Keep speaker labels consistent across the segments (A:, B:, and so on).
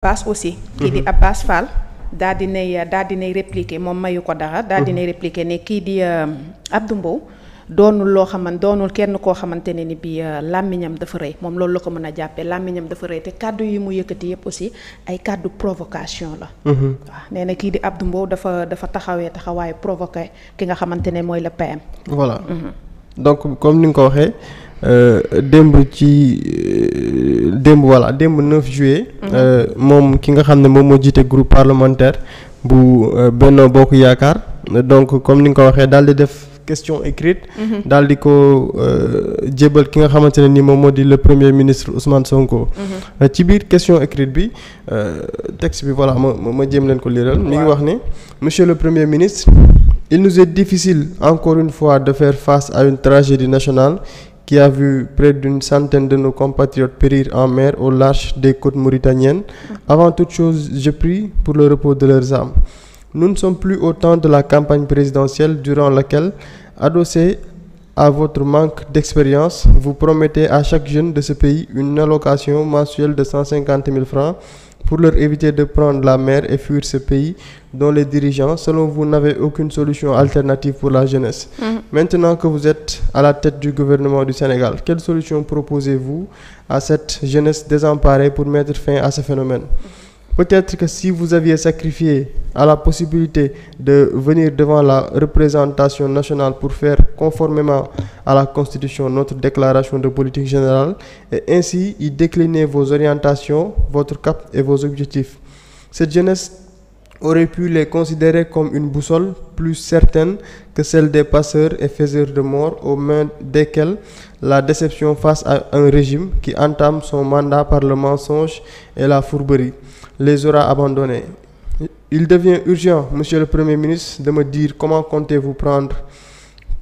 A: Abbas aussi kii di mhm. Abbas Fall daal dinay daal dinay répliquer moom mayu ko dara daal mhm. nay répliquer ne kii di euh, Abdou Mbow doonul loo xaman doonul kenn koo xamante ne ni bi euh, làmmiñam dafa rëy moom loolu la ko mën a jàppee làmmiñam dafa rëy te kàddu yi mu yëkkati yépp aussi ay kàddu provocation la mhm. waaw nee na kii di Abdou Mbow dafa dafa taxawee taxawaayu provoqué ki nga xamante ne mooy le PM
B: voilà donc comme ni nga ko waxee Euh, démb ci euh, démb voilà démb 9 juillet. Mhm. Euh, moom ki nga xam ne moom moo jiite groupe parlementaire bu Benno Bokk Yaakaar donc comme ni nga ko waxee daal di def question écrite. Mhm. daal di ko jébal ki nga xamante ne ni moom moo di le premier ministre Ousmane Sonko. Mhm. ci biir question écrite bi texte bi voilà ma ma jëm leen ko liiral. mi ngi wax ni monsieur le premier ministre. il nous est difficile encore une fois de faire face à une tragédie nationale qui vu près d'une centaine de nos compatriotes périr en mer au large des côtes mauritaniennes. Avant toute chose, je prie pour le repos de leurs âmes. Nous ne sommes plus au temps de la campagne présidentielle durant laquelle, adossé à votre manque d'expérience, vous promettez à chaque jeune de ce pays une allocation mensuelle de 150 000 pour leur éviter de prendre la mer et fuir ce pays dont les dirigeants, selon vous, n'avaient aucune solution alternative pour la jeunesse. Mhm. Maintenant que vous êtes à la tête du gouvernement du Sénégal, quelle solution proposez-vous à cette jeunesse désemparée pour mettre fin à ce phénomène? peut-être que si vous aviez sacrifié à la possibilité de venir devant la représentation nationale pour faire conformément à la Constitution notre déclaration de politique générale et ainsi y décliner vos orientations, votre cap et vos objectifs. Cette jeunesse aurait pu les considérer comme une boussole plus certaine que celle des passeurs et faiseurs de morts aux mains desquels la déception face à un régime qui entame son mandat par le mensonge et la fourberie. les aura abandonnés. Il devient urgent, Monsieur le Premier ministre, de me dire comment comptez-vous prendre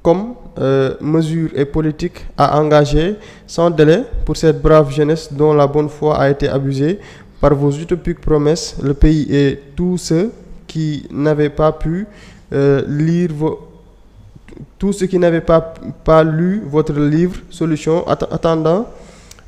B: comme euh, mesures et politiques à engager sans délai pour cette brave jeunesse dont la bonne foi a été abusée par vos utopiques promesses, le pays et tous ceux qui n'avaient pas pu euh, lire vos tous ceux qui n'avaient pas, pas lu votre livre Solutions attendant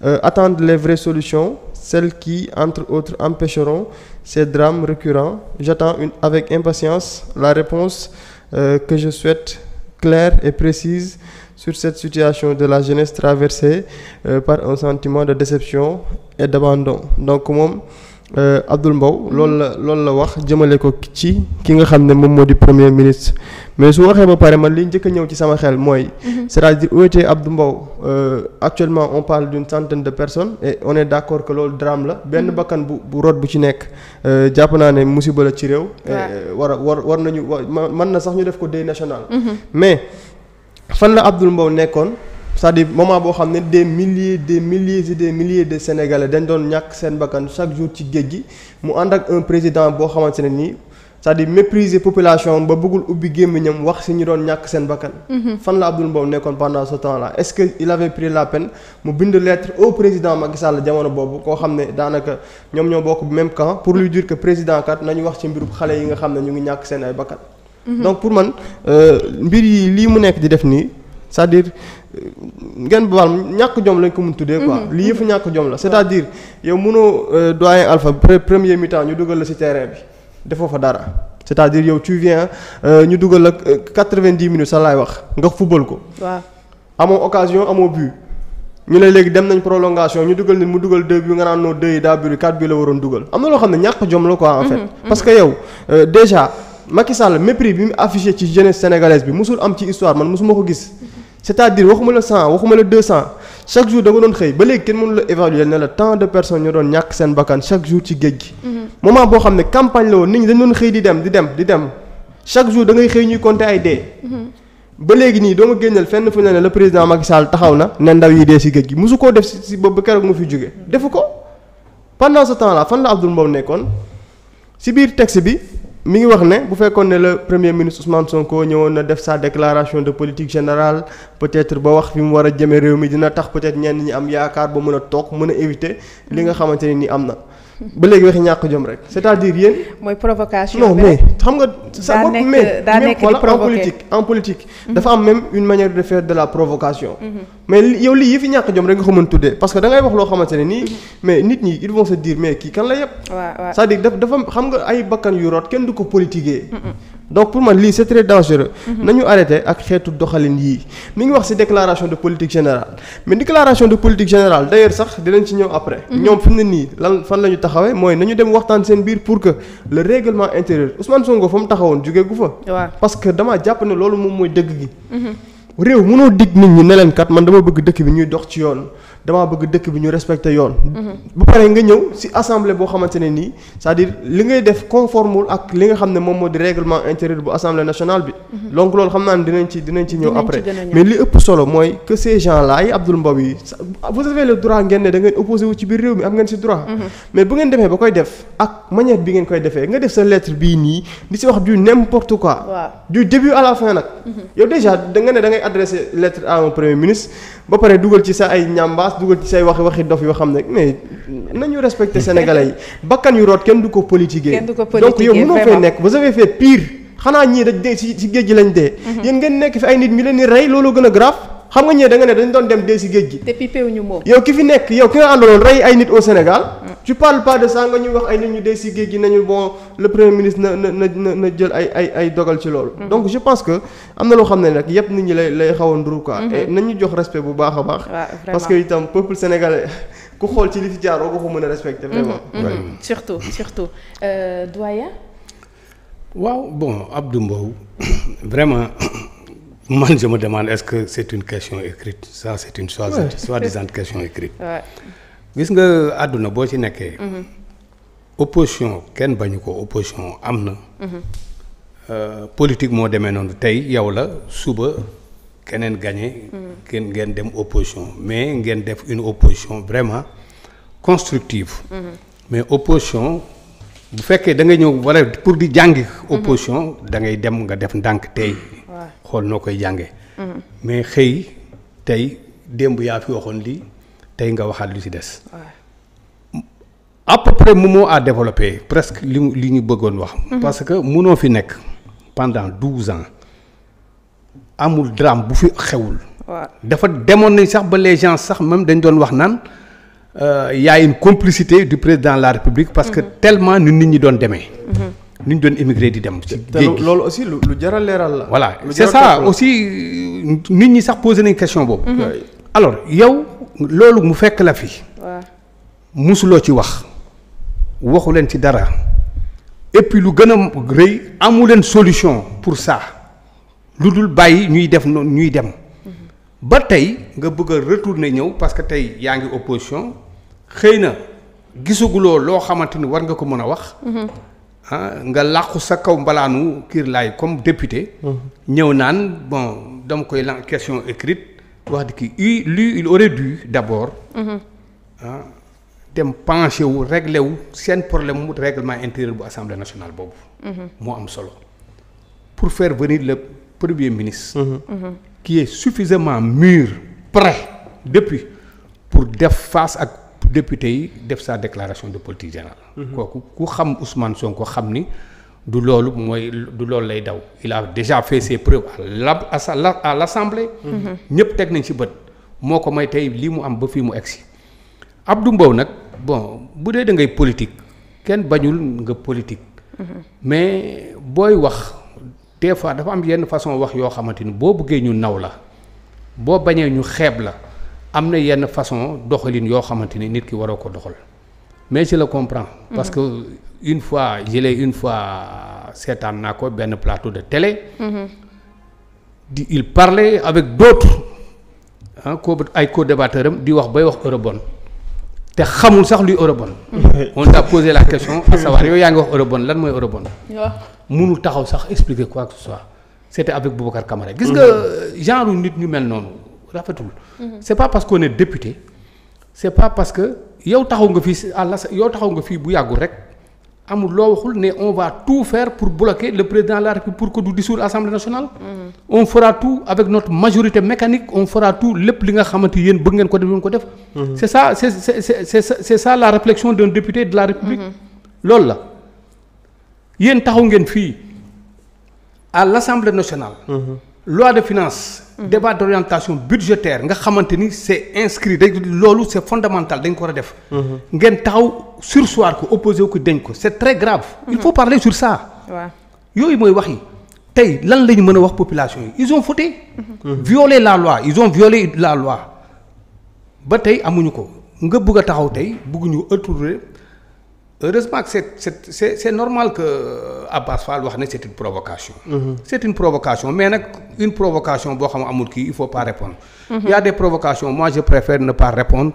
B: euh, les vraies solutions celles qui, entre autres, empêcheront ces drames récurrents. J'attends avec impatience la réponse euh, que je souhaite claire et précise sur cette situation de la jeunesse traversée euh, par un sentiment de déception et d'abandon donc moom Euh, Abdoul mbaw loolu la loolu la wax jëmale ko ci ki nga xam ne moom moo di premier ministre mais su waxee ba pare man li njëkk a ñëw ci sama xel mooy. Mhm. c'est-à-dire où était Abdou Mbow euh, actuellement on parle d'une centaine de personnes et on est d'accord que loolu la benn mhm. bakkan bu bu rot bu ci nekk euh, jàpp naa ne musiba la ci réew. war a war war nañu war man na sax ñu def ko deuil national. Mhm. mais fan la Abdoul Mbow nekkoon. c'est-à-dire boo xam ne des milliers des milliers et des milliers de sénégalais dañ doon ñàkk seen bakkan chaque jour ci géej gi mu ànd ak un président boo xamante ne nii c'est-à-dire population ba bëggul ubbi gémmiñam wax si ñu doon ñàkk seen bakkan. Mhm. fan la Abdoul Mbow nekkoon pendant ce temps-là est-ce que il avait la pen mu bind lettre au président Macky Sall jamono boobu koo xam ne daanaka ñoom ñoom bokk même camp pour lu dire que président kat nañu wax ci mbirum xale yi nga xam ne ñu ngi ñàkk seen ay bakkan. Mhm. pour man euh, mbir yi lii mu nekk di def nii. c'est-à-dire ngeen baal ñàkk jom lañ ko mun tuddee quoi mhm. lii yëpp ñàkk jom la c'est-à-dire yow mënoo euh, doyen Alpha premier mi-temps ñu dugal la ci terrain bi defoo fa dara c'est-à-dire yow tu viens euh, ñu dugal la euh, quatre-vingt-dix minutes sa laay wax nga football ko waaw amoo occasion amoo but ñu ne léegi dem nañ prolongation ñu dugal nit mu dugal deux bi nga naan noo deux yi daa quatre bi la waroon dugal am na loo xam ne ñàkk jom la quoi en fait mhm, parce mhm. que yow déjà Macky Sall mépris bi mu affiché ci jeunesse sénégalaise bi musul am ci histoire man musuma ko gis c'est-à-dire waxuma la 100 waxuma la 200 chaque jour da nga doon xëy ba léegi kenn mënu la évaluer ne la tant de personnes ñoo doon ñàkk seen bakkan chaque jour ci géej gi. Mm-hmm. moment boo xam ne campagne la woon nit ñi dañ doon xëy di dem di dem di dem chaque jour da ngay xëy ñuy compter ay dee. Mm-hmm. ba léegi nii doo ma génneel fenn fu ne ne président Macky Sall taxaw na ne ndaw yi dee si géej gi mosu koo def si bopp ba keroog mu fi jóge defu ko pendant ce temps là fan la Abdoul Mbow nekkoon si biir texte bi. mi ngi wax ne bu fekkoon ne le premier ministre Ousmane Sonko ñëwoon na def sa déclaration de politique générale peut-être ba wax fi mu war a jëme réew mi dina tax peut-être ñenn ñi am yaakaar ba mën a toog mën a éviter li nga xamante ne ni am na. ba léegi waxi ñàkk jom rek c'est-à-dire yéen.
C: mooy provocation non mais
B: xam nga. sa bopp mais même voilà en politique en politique. Mhm. dafa am même une manière de faire de la provocation. Mhm. mais yow lii yi fi ñàkk jom rek nga ko mën tuddee parce que da wax loo xamante ne nii. Mhm. mais nit ñi ils vont se dire mais kii kan la yëpp. waaw waaw cest dafa xam nga ay bakkan yu root kenn du ko politiquer. donc pour man lii c'est très dangereux. Mhm. nañu arrêté ak xeetu doxalin yii mi ngi wax ci déclaration de politique générale mais déclaration de politique générale d'ailleurs sax dinañ ci ñëw après. Mhm. ñoom fi mu ne lan fan la ñu taxawee mooy nañu dem waxtaan seen biir pour que le règlement intérieur Ousmane Sonko fa mu taxawoon jugee gu fa. parce que damaa jàpp ne loolu moom mooy dëgg gi. Mhm. réew mënoo dig nit ñi ne leen man dama bëgg dëkk bi ñuy dox ci yoon. damaa bëgg dëkk bi ñu respecté yoon. Mhm. bu paree nga ñëw ci assemblée boo xamante ne nii c'est-à-dire li ngay def conformewul ak li nga xam ne moom moo di règlement intérieur bu assemblée nationale bi. Mhm. donc loolu xam naa ne dinañ ci dinañ ci ñëw après. mais li ëpp solo mooy que ces gens là yi Abdoul Mbow yi vous avez le droit ngeen ne da ngeen wu ci biir réew mi am ngeen ci droit. Mhm. mais bu ngeen demee ba koy def ak manière bi ngeen koy defee nga def sa lettre bii nii di ci wax du n'importe quoi. du à la fin nag. yow déjà da nga ne da ngay adressé lettre à un premier dugal ci sa ay ñamba as dugal ci say waxi waxi dof yoo xam ne mais nañu respecté sénégalais yi bakkan yu root kenn du ko politiquer kenn du ko politiquer donc yow mënoo fay nekk vous avez fait pire xanaa ñii dañ dee si géej gi lañ dee. Mhm. yéen ngeen nekk fi ay nit mi leen di rey looloo gën a grave xam nga ñee da ne dañ doon dem dee si géej gi. te pipé yow ki fi nekk yow ki nga àndaloon rey ay nit au Sénégal. ci parles pas de ça nga ñuy wax ay nit ñu dee si géej gi nañu bon le premier ministre na na na na jël ay ay ay dogal ci loolu. Mm-hmm. donc je pense que am na loo xam ne nag yëpp nit ñi lay lay xaw a nduru quoi. Mm-hmm. et nañu jox respect bu baax a baax. parce que itam peuple sénégalais ku xool ci li fi jaar oo ko mën a respecté. Mm-hmm. vraiment
A: surtout surtout euh, doyen. waaw bon Abdou Mbow vraiment. man je me demande est-ce que c'est une question écrite ça c'est une chose soi-disant question écrite ouais. gis nga àdduna boo ci nekkee. Mhm. opposition kenn bañu ko opposition am na. Mhm. Euh, politique moo demee noonu tey yow la suba keneen gagné. kenn mhm. ngeen dem opposition mais ngeen def une opposition vraiment constructive. mais opposition bu fekkee da ngay ñëw wala pour di jàngi. opposition da ngay dem nga def ndànk tey. xool noo koy jàngee. mais xëy tey démb yaa fi waxoon lii. tey nga waxaat lu ci des. à peu près moom moo à développer presque li li ñu bëggoon wax. Mhm. parce que mënoo fi nekk pendant douze ans amul drame bu fi xewul. dafa demoon nañ sax ba les gens sax même dañu doon wax naan euh, y a une complicité du président la République. parce que mhm. tellement ni nit ñi doon demee. Mhm. ni ñu doon émigré di dem. ci géej
B: loolu aussi lu jaral leeral la. voilà c'est ça aussi
A: euh, nit ñi sax posé nañ question boobu. alors yow loolu mu fekk la fi. waaw musuloo ci wax waxu leen ci dara et lu gën a rëy amu leen solution pour ça lu dul bàyyi ñuy def noonu ñuy dem. Mm-hmm. ba tey nga bëgg a retourner ñëw parce que tey yaa ngi opposition xëy na gisaguloo loo xamante ni war nga ko mën a wax. Mm-hmm. Ah, nga làqu sa kaw mbalaanu kiir lay comme député. Mm-hmm. ñëw naan bon dama koy lan question écrite. wax dëgg kii lui il aurait dû d'abord. Mhm. ah dem penché wu réglé seen problème mu règlement intérieur bu assemblée nationale boobu. Mhm. moo am solo pour faire venir le premier ministre. Mhm. qui est suffisamment mûr prêt depuis pour def face ak député yi def sa déclaration de politique générale. kooku ku xam Ousmane Sonko xam ni. du loolu mooy du loolu lay daw il a déjà fait ses preuves à la à l'assemblée mm-hmm. ñëpp teg nañ si bët moo ko may tey lii mu am ba fii mu egsi Abdou Mbow nag bon bu dee da ngay politique kenn bañul nga politique mm-hmm. mais booy wax des fois dafa am yenn façon wax yoo xamante ni boo bëggee ñu naw la boo bañee ñu xeeb la am na yenn façon doxalin yoo xamante ni nit ki waroo ko doxal mais je le comprends. Mm-hmm. parce que une fois je une fois seetaan naa ko benn plateau de télé. Mm-hmm. di il parlait avec d'autres ah co ay co am di wax bay wax eurobond te xamul sax luy eurobond. Mm-hmm. on t'a posé la question à savoir yow yaa ngi wax eurobond lan mooy eurobond. waaw mënul taxaw sax expliquer quoi que ce soit c'était avec Boubacar Camara. gis nga euh, genre nit ñu mel noonu rafetul. c'est pas parce qu'on est député c'est pas parce que. yow taxaw nga fii àlla yow taxaw nga fii bu yàggul rek amul loo waxul ne on va tout faire pour bloquer le président la République pour que du dissoudre assemblée nationale. Mm-hmm. on fera tout avec notre majorité mécanique on fera tout lépp li nga xamante yéen bëgg ngeen ko def ngeen ko def. Mm-hmm. c' est ça c' est c' est c' est c' est ça la réflexion d'un député de la République. Mm-hmm. loolu la yéen taxaw ngeen fii à l' assemblée nationale. loi de finance. débat d' orientation budgétaire nga xamante ni c' est inscrit day loolu c' est fondamental dañ ko war a def. Mhm. ngeen taxaw sursoir ko opposé ko dañ ko c' très grave. il faut parler sur ça. yooyu mooy wax yi tey lan la ñu mën a wax population yi ils ont voté. Mhm. violé la loi ils ont violé la loi ba tey amuñu ko nga bugg a taxaw tey bugg ñu heureusement que c'est c'est c'est c'est normal que euh, Abbas Fall wax ne c'est une provocation mmh. c'est une provocation mais nag une provocation boo xam amul kii il faut pas répondre mmh. il y a des provocations je préfère ne pas répondre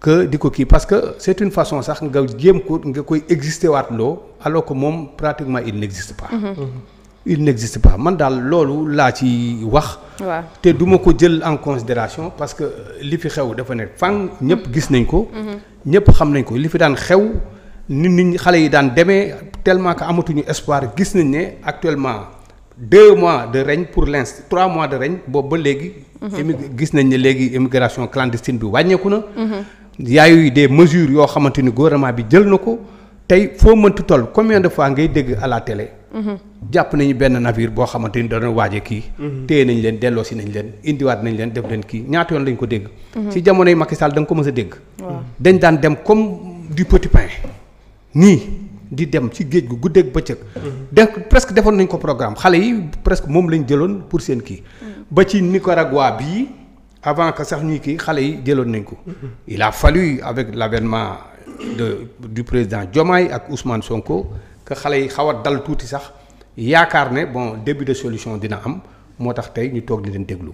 A: que di ko kii parce que c'est une façon sax nga jéem ko nga koy exister waat loo alors que moom pratiquement il n'existe pas mhm. Mhm. man daal loolu laa ci wax te duma ko jël en considération parce que li fi xew dafa ne fang ñëpp gis nañ ko mhm. ñëpp xam nañ ko li fi daan xew nit nit xale yi daan demee tellement que amatuñu espoir gis nañ ne actuellement deux mois de règne pour l'instant trois mois de règne boobu ba léegi. Mhm. gis nañ ne léegi immigration clandestine bi wàññeeku na. y a eu des mesures yoo xamante ni gouvernement bi jël na ko tey foo mënti toll combien de fois ngay dégg à la télé. Mhm. jàpp nañu benn navire boo xamante ni dana waaje kii. Mhm. téye nañ leen delloosi nañ leen indiwaat nañ leen def leen kii ñaata yoon lañ ko dégg. ci jamonoy Macky Sall da nga ko mës a dégg. dañ daan dem comme du nii di dem ci géej gi gu guddeeg bëccëg.
C: Mhm. de
A: presque defoon nañ ko programme xale yi presque moom lañ jëloon pour seen kii. Mhm. ba ci Nicaragua bii avant que sax ñuy kii xale yi jëloon nañ ko. Mhm. il a fallu avec l'avènement de du président Diomaye ak Ousmane Sonko que xale yi xaw a dal tuuti sax yaakaar ne bon début de solution dina am moo tax tey ñu toog di leen déglu.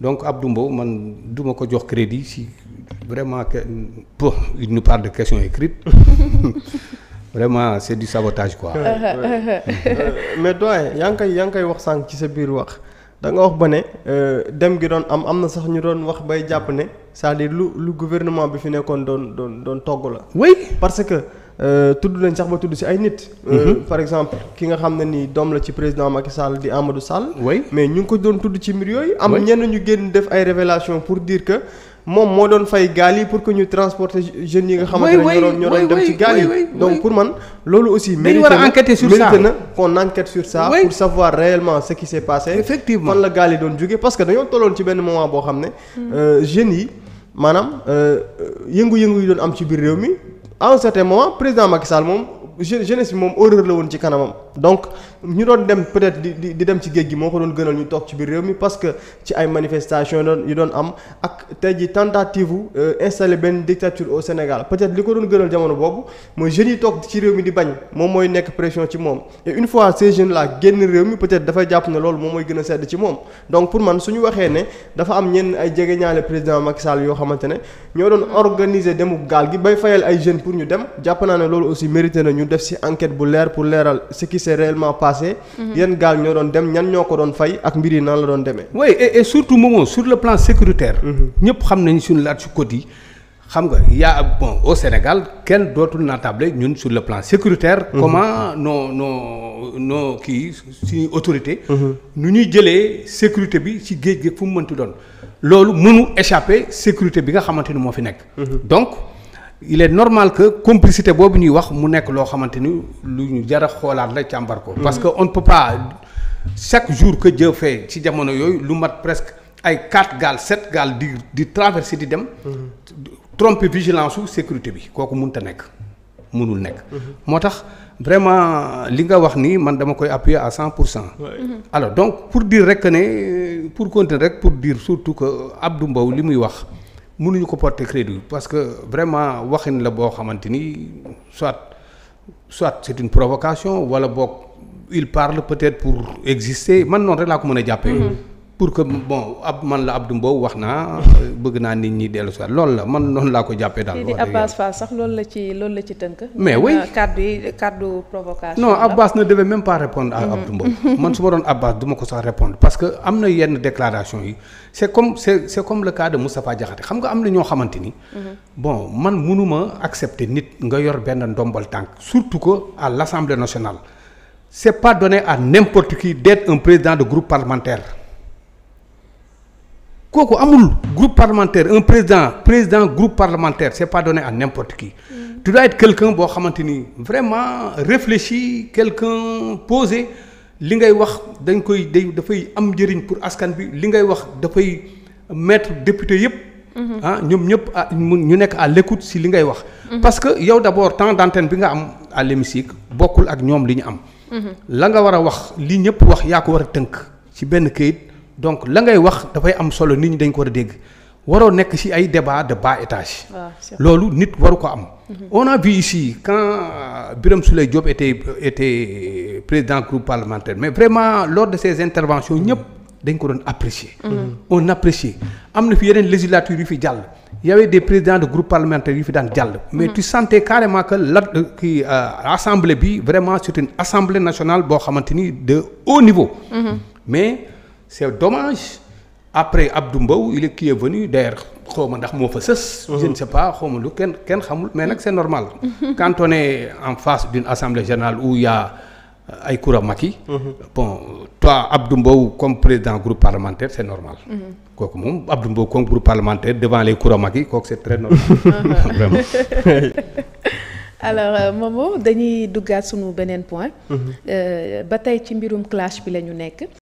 A: donc Abdou Mbow man duma ko jox crédit si vraiment que pour il nous parle de questions écrites vraiment
B: c'est du sabotage quoi. Euh, euh. mais doyen yaa ngi koy wax sànq ci sa biir wax da nga wax ba ne euh, dem gi doon am am na sax ñu doon wax bay jàpp ne c'est-à-dire lu lu gouvernement bi fi nekkoon doon doon doon togg la. oui parce que. Euh, tudd nañ sax ba tudd ci ay nit. Euh, mhm. par exemple ki nga xam ne ni doom la ci président Macky Sall di Amadou Sall. oui mais ñu ngi ko doon tudd ci mbir yooyu. am ñenn ñu génn def ay révélation pour dire que moom moo doon fay gaal yi pour que ñu transporter jeune yi nga. xamante ne ñoo ñoo doon dem ci gaal yi. donc pour man loolu aussi. mérite na mérite na qu'on enquête sur ça. pour savoir réellement ce qui s'est passé. effectivement fan la gaal yi doon jóge parce que dañoo tolloon ci benn moment boo xam ne. Euh, jeunes yi maanaam yëngu yi doon am ci biir réew mi. en un certain moment président Macky Sall moom jeunesse bi moom horreur la woon ci kanamam donc ñu doon dem peut-être di di dem ci géej gi moo ko doon gënal ñu toog ci biir réew mi parce que ci ay manifestations yu doon am ak tey ji tentative euh, installer benn dictature au Sénégal peut-être li ko doon gënal jamono boobu mooy jeunes yi toog ci réew mi di bañ moom mooy nekk pression ci moom et une fois ces jeunes là génn réew mi peut-être dafay jàpp ne loolu moom mooy gën a sedd ci moom donc pour man suñu waxee ne dafa am ñenn ay jegeñaale président Macky yoo xamante ne ñoo doon organiser gaal gi bay fayal ay jeunes pour ñu dem jàpp naa ne loolu aussi mérité na ñu def ci enquête bu leer pour leeral ce qui passé. yan gaal ñoo doon dem ñan ñoo ko doon fay ak mbir yi nan la doon demee.
A: oui et, et surtout Momo sur le plan sécuritaire. Mhm. ñëpp xam nañu suñu laat ci côté yi. xam nga yaa bon au Sénégal kenn dootul naa table ñun sur le plan sécuritaire. Mmh. comment noo noo nos kii suñuy autorité ñu mhm. ñuy jëlee sécurité bi ci géej gi fu mu mënti doon. loolu mënu échapper sécurité bi nga xamante ni moo fi nekk. Mhm. donc. il est normal que complicité boobu ñuy wax mu nekk loo xamante ni lu ñu jar xoolaat la càmbar parce que on ne peut pas chaque jour que Dieu fait ci jamono yooyu lu mat presque ay quatre gaal sept gaal di di traversé di dem. tromper vigilance su sécurité bi kooku mënut a nekk mënul nekk. moo tax vraiment li nga wax nii man dama koy appuyer à cent pour cent. alors donc pour dire rek ne pour continuer rek pour dire surtout que Abdou Mbow li muy wax. mënuñu ko porter crédit parce que vraiment waxin la boo xamante ni soit soit c'est une provocation wala boog il parle peut-être pour exister man noonu rek laa ko mën a jàppee. Mm-hmm. pour que bon ab man la Abdou Mbow wax naa bëgg naa nit ñi dellu si loolu la man noonu laa ko jàppee daal. wax dëgg Abbas la ci loolu la ci tënk. mais oui kàddu yi kàddu provocation. non Abbas ne devait même pas répondre à mhm. Abdou Mbow. man su ma doon Abbas du ma ko sax répondre parce que am na yenn déclaration yi c' comme c' est c' est comme le cas de Moustapha xam nga am na ñoo xamante ni. Mhm. bon man mënuma accepter nit nga yor benn ndombal tànk surtout ko à l' assemblée nationale c' est pas donné n' importe de groupe parlementaire. kooku amul groupe parlementaire un président président groupe parlementaire c'est pas donné à n'importe qui mm. tu quelqu'un boo xamante ni vraiment réfléchi quelqu'un posé li ngay wax dañ koy day dafay am njëriñ pour askan bi li ngay wax dafay mettre député yëpp mm-hmm. ah ñoom ñëpp a ah ñu nekk à l'écoute si li ngay wax mm-hmm. parce que yow d'abord temps d'antenne bi nga am à l'hémicycle bokkul ak ñoom li ñu am mm-hmm. la nga war a wax li ñëpp wax yaa ko war a tënk ci benn kayit donc la ngay wax dafay am solo nit ñi dañ ko war a dégg waroo nekk ci ay débat de bas étage. loolu nit waru ko am. Mhm. on a vu ici quand euh, Birame Souleye Diop était était président groupe parlementaire mais vraiment lors de ses interventions ñëpp dañ ko doon apprécier. Mhm. Mhm. on apprécié am na fi yeneen législature yu fi jàll. y avait des présidents de groupe parlementaire yu fi daan jàll. mais tu sentais carrément que la kii euh, euh, assemblée bi vraiment c'est une assemblée nationale boo xamante ni de haut niveau. c'est dommage après Abdou Mbow il est a est venu d'ailleurs xaw ma ndax moo fa sës. Mhm. je ne sais pas xaw ma lu kenn kenn xamul mais nag c'est normal. Mhm. quand on est en face d'une assemblée générale où il a euh, ay Koura Macky. Mhm. bon toi Abdou Mbow comme président groupe parlementaire c'est normal. kooku moom Abdou Mbow comme groupe parlementaire devant les Koura Macky kooku c'est très normal. vraiment. alors euh, Momo dañuy duggaat sunu beneen point. Euh, ba tey ci mbirum clash bi la nekk.